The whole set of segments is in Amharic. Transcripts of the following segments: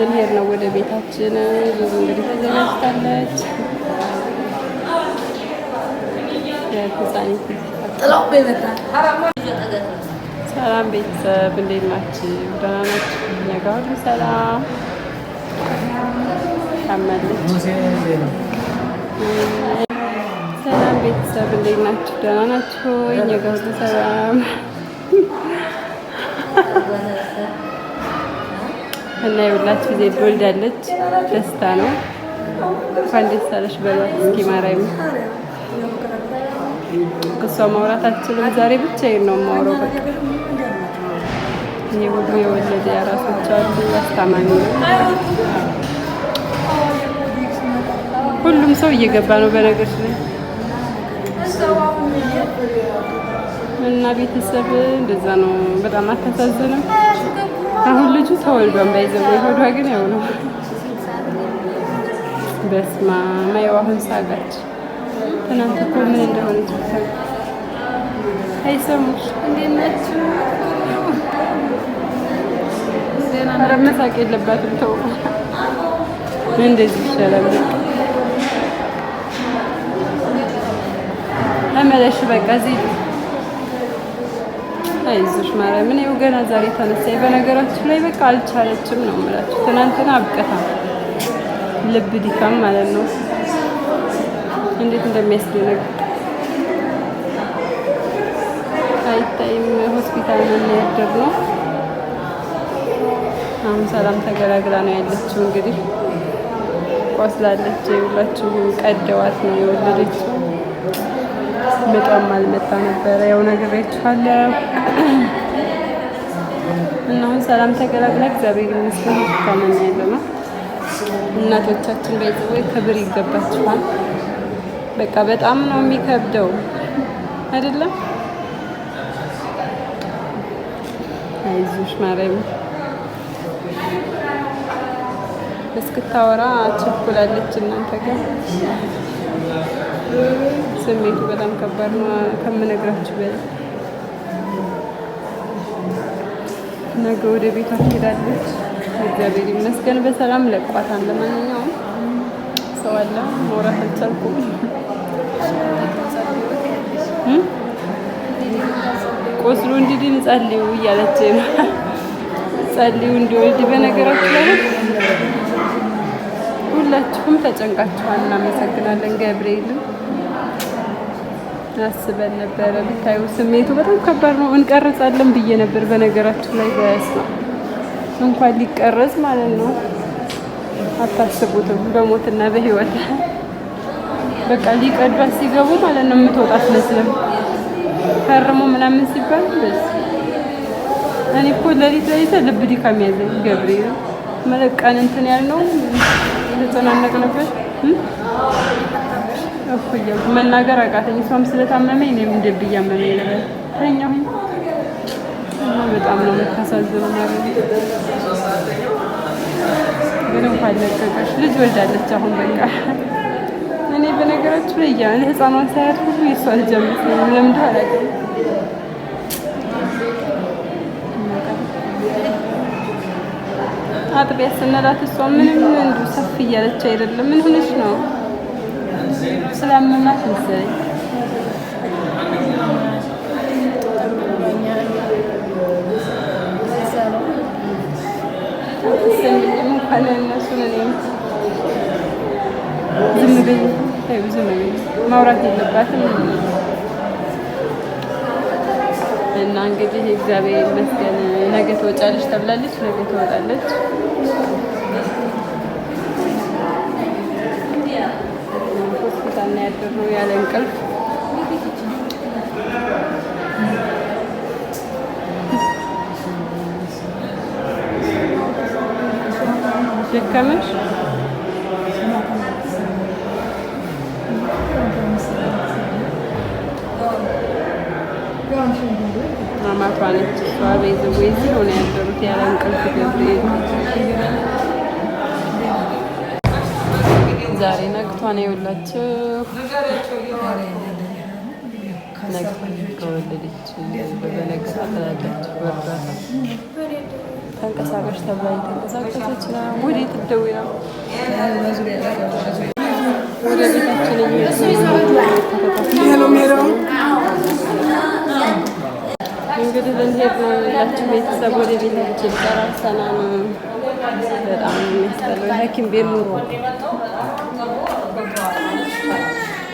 ልንሄድ ነው ወደ ቤታችን። ዙዙ እንግዲህ ተዘጋጅታለች። ሰላም ቤተሰብ እንዴት ናችሁ? ደህና ናችሁ? እኛ ጋር ሁሉ ሰላም ታመለች። ሰላም ቤተሰብ እንዴት ናችሁ? ደህና ናችሁ? እኛ ጋር ሁሉ ሰላም እና የሁላችሁ ጊዜ ትወልዳለች። ደስታ ነው። እንኳን ደስ አለሽ በሏት እስኪ ማርያም። እሷ ማውራት አልችልም ዛሬ ብቻዬን ነው የማወራው። በቃ ይሄ ሁሉ የወለደ ያራሶች አሉ። አስታማሚ ሁሉም ሰው እየገባ ነው በነገር ላይ እና ቤተሰብ እንደዛ ነው። በጣም አታሳዝንም። አሁን ልጁ ተወልዷን ባይዘው የሆዷ ግን ያው ነው። በስመ አብ ያው አሁን ሳጋች ትናንት እኮ ምን እንደሆነ ይችላል አይሰሙሽ። እንዴት ናችሁ? ኧረ መሳቅ የለባትም ተው። እንደዚህ ይሻላል። ተመለሽ በቃ እዚህ አይዞሽ ማርያምን ይኸው ገና ዛሬ ተነሳ። በነገራችሁ ላይ በቃ አልቻለችም ነው የምላችሁ። ትናንትና አብቀታ ልብ ድካም ማለት ነው እንዴት እንደሚያስደነግ አይታይም። ሆስፒታል ነው አሁን ሰላም ተገላግላ ነው ያለችው። እንግዲህ ቆስላለች። የሁላችሁ ቀደዋት ነው የወለደችው በጣም አልመጣ ነበረ። ያው ነግሬያችኋለሁ እና ሁን ሰላም ተገላግላ እግዚአብሔር ይመስገን ታመን ያለ ነው። እናቶቻችን በይዘው ክብር ይገባችኋል። በቃ በጣም ነው የሚከብደው አይደለም። አይዞሽ ማርያም እስክታወራ ችኩላለች እናንተ ጋር ስሜቱ በጣም ከባድ ነው ከምነግራችሁ በላይ። ነገ ወደ ቤቷ ትሄዳለች። እግዚአብሔር ይመስገን በሰላም ለቋታን። ለማንኛውም ሰው አለ መውራት አልቻልኩም። ቆስሎ እንዲድን ጸልዩ እያለች ነው። ጸልዩ እንዲወልድ። በነገራችሁ ላይ ሁላችሁም ተጨንቃችኋል። እናመሰግናለን ገብርኤልም አስበን ነበረ። ብታዩ ስሜቱ በጣም ከባድ ነው። እንቀረጻለን ብዬ ነበር በነገራችሁ ላይ በያስ እንኳን ሊቀረጽ ማለት ነው። አታስቡትም። በሞትና በህይወት በቃ ሊቀዷት ሲገቡ ማለት ነው የምትወጣ አትመስልም። ፈርሞ ምናምን ሲባል በስ እኔ እኮ ለሊት ለሊት ልብ ድካም ያዘኝ። ገብሬ ነው መለቃን እንትን ያልነው ነበር እፎየው መናገር አቃተኝ። እሷም ስለታመመኝ እኔም እንደብ እያመመኝ ነበር ተኛሁኝ። በጣም ነው የምታሳዝበው። ግን እንኳን ለቀቀሽ ልጅ ወልዳለች። አሁን በቃ እኔ በነገራችሁ ላይ ያ ህፃኗን ሳያት ሁሉ የእሷ ልጅ አመስለኝ ለምደ አላውቅም። አጥቢያ ስንላት እሷ ምንም እንዱ ሰፍ እያለች አይደለም። ምን ሆነች ነው ስላመማት መሰለኝ ማውራት የለባትም እና እንግዲህ እግዚአብሔር ይመስገን ነገ ትወጫለች ተብላለች፣ ነገ ትወጣለች። እያደሩ ያለ እንቅልፍ ደከመሽ? ማማቷ ነች እሷ። ቤዝ ወይዚህ ሆነ ያደሩት ያለ እንቅልፍ ገብርኤል ዛሬ ነግቷ ነው የወላችሁ። ከወለደች በበነገት አተዳደች ተብላ የተንቀሳቀሰች ነው። ወዴት ትደዊ ነው እንግዲህ ልንሄድ ነው ቤተሰብ ወደ ቤታችን ጠራሰናን በጣም የሚያስጠላው ሐኪም ቤት ኑሮ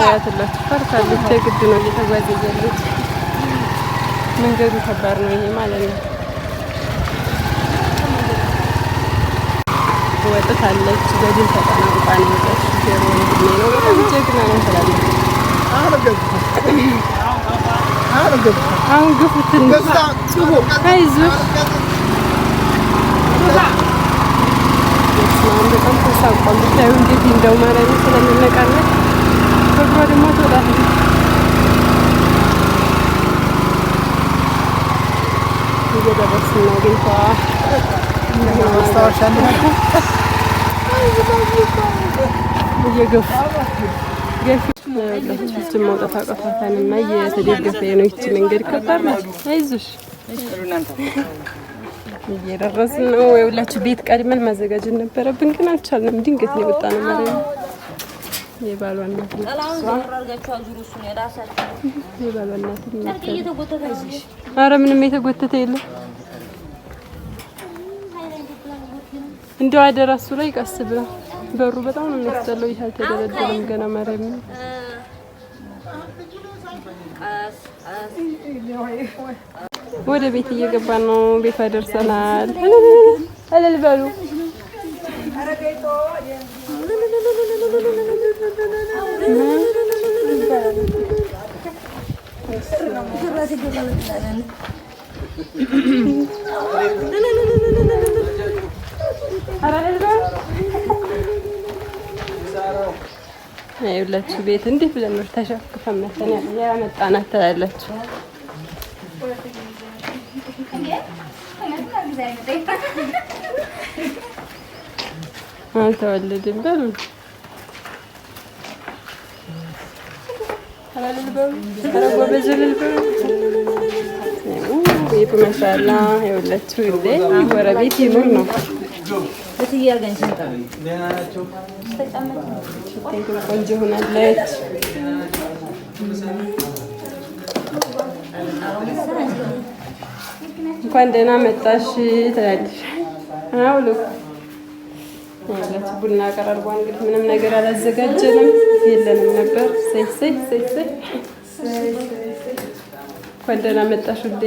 ታያትላችሁ። ፈርታለች፣ የግድ ነው እየተጓዘ ያለች። መንገዱ ከባድ ነው ይሄ ማለት ነው። ወጥታለች፣ በድል ተጠናንቋ ነው ወጣች። ሹፌሩ ወንድሜ ነው፣ በጣም ጀግና ነው ትላለች። አሁን ግፉ ትንሽ በጣም ተሳቋል። ብታዩ እንዴት እንደው ማርያምን ስለሚነቃነቅ ደግሞ ትወጣለች። እየደረስን ነው ግን ማስታወሻ እየገፉ መውጣት አቅቷታል እና እየተደገፈ ነው። ይቺ መንገድ ከባድ ናት። አይዞሽ እየደረስን ነው። የሁላችሁ ቤት ቀድመን ማዘጋጀት ነበረብን ግን አልቻልንም። ድንገት ነው የወጣ ማለት ነው። የባሏ እናት ኧረ ምንም የተጎተተ የለም። እንደው አደራ እሱ ላይ ቀስ ብላ በሩ በጣም ነው የሚያስጠላው። ይህ አልተደረደረም ገና ማርያም ወደ ቤት እየገባ ነው። ቤቷ ደርሰናል። እልል በሉ ይኸውላችሁ ቤት እንዴት ብለን ነው ተሸክፈን መተን ያመጣናት አልተወለድም በሉ ቤቱ መሻላ ይኸውላችሁ እንዴ ጎረቤት ይኑር ነው። ቆንጆ ሆናለች። እንኳን ደህና መጣሽ ትላለች። አውሉ ያላችሁ ቡና ቀራርቧ። እንግዲህ ምንም ነገር አላዘጋጀንም የለንም ነበር። ሰይ ሰይ ሰይ ሰይ እንኳን ደህና መጣሽ ውዴ።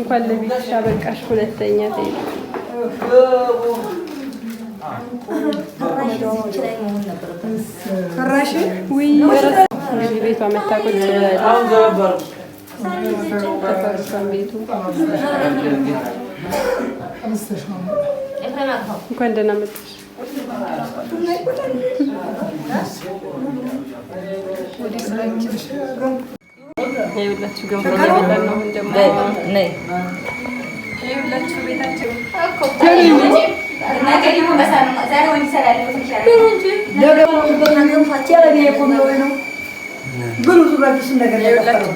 እንኳን ለቤትሽ አበቃሽ። ሁለተኛ ትሄድ ቤቷ መታ ቁጭ እንኳን ደህና መጣሽ። ወደ ስራ የሁላችሁ ገንፎ እየበላን ነው።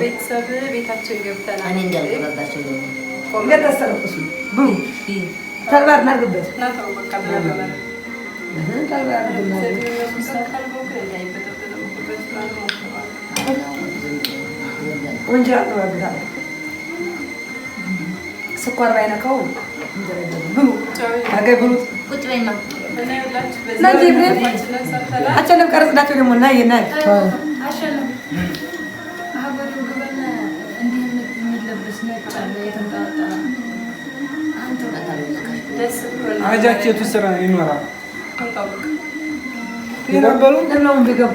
ቤተሰብ ቤታችን ገብተናል። እንጀራ ትበላለህ። ስኳር ባይነካው አቸለም ቀረጽላቸው ደግሞ እና ይናል አጃኬቱ ስራ ይኖራል። ይረበሉ ለምን ቢገባ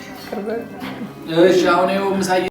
እሺ አሁን ይኸው ምሳ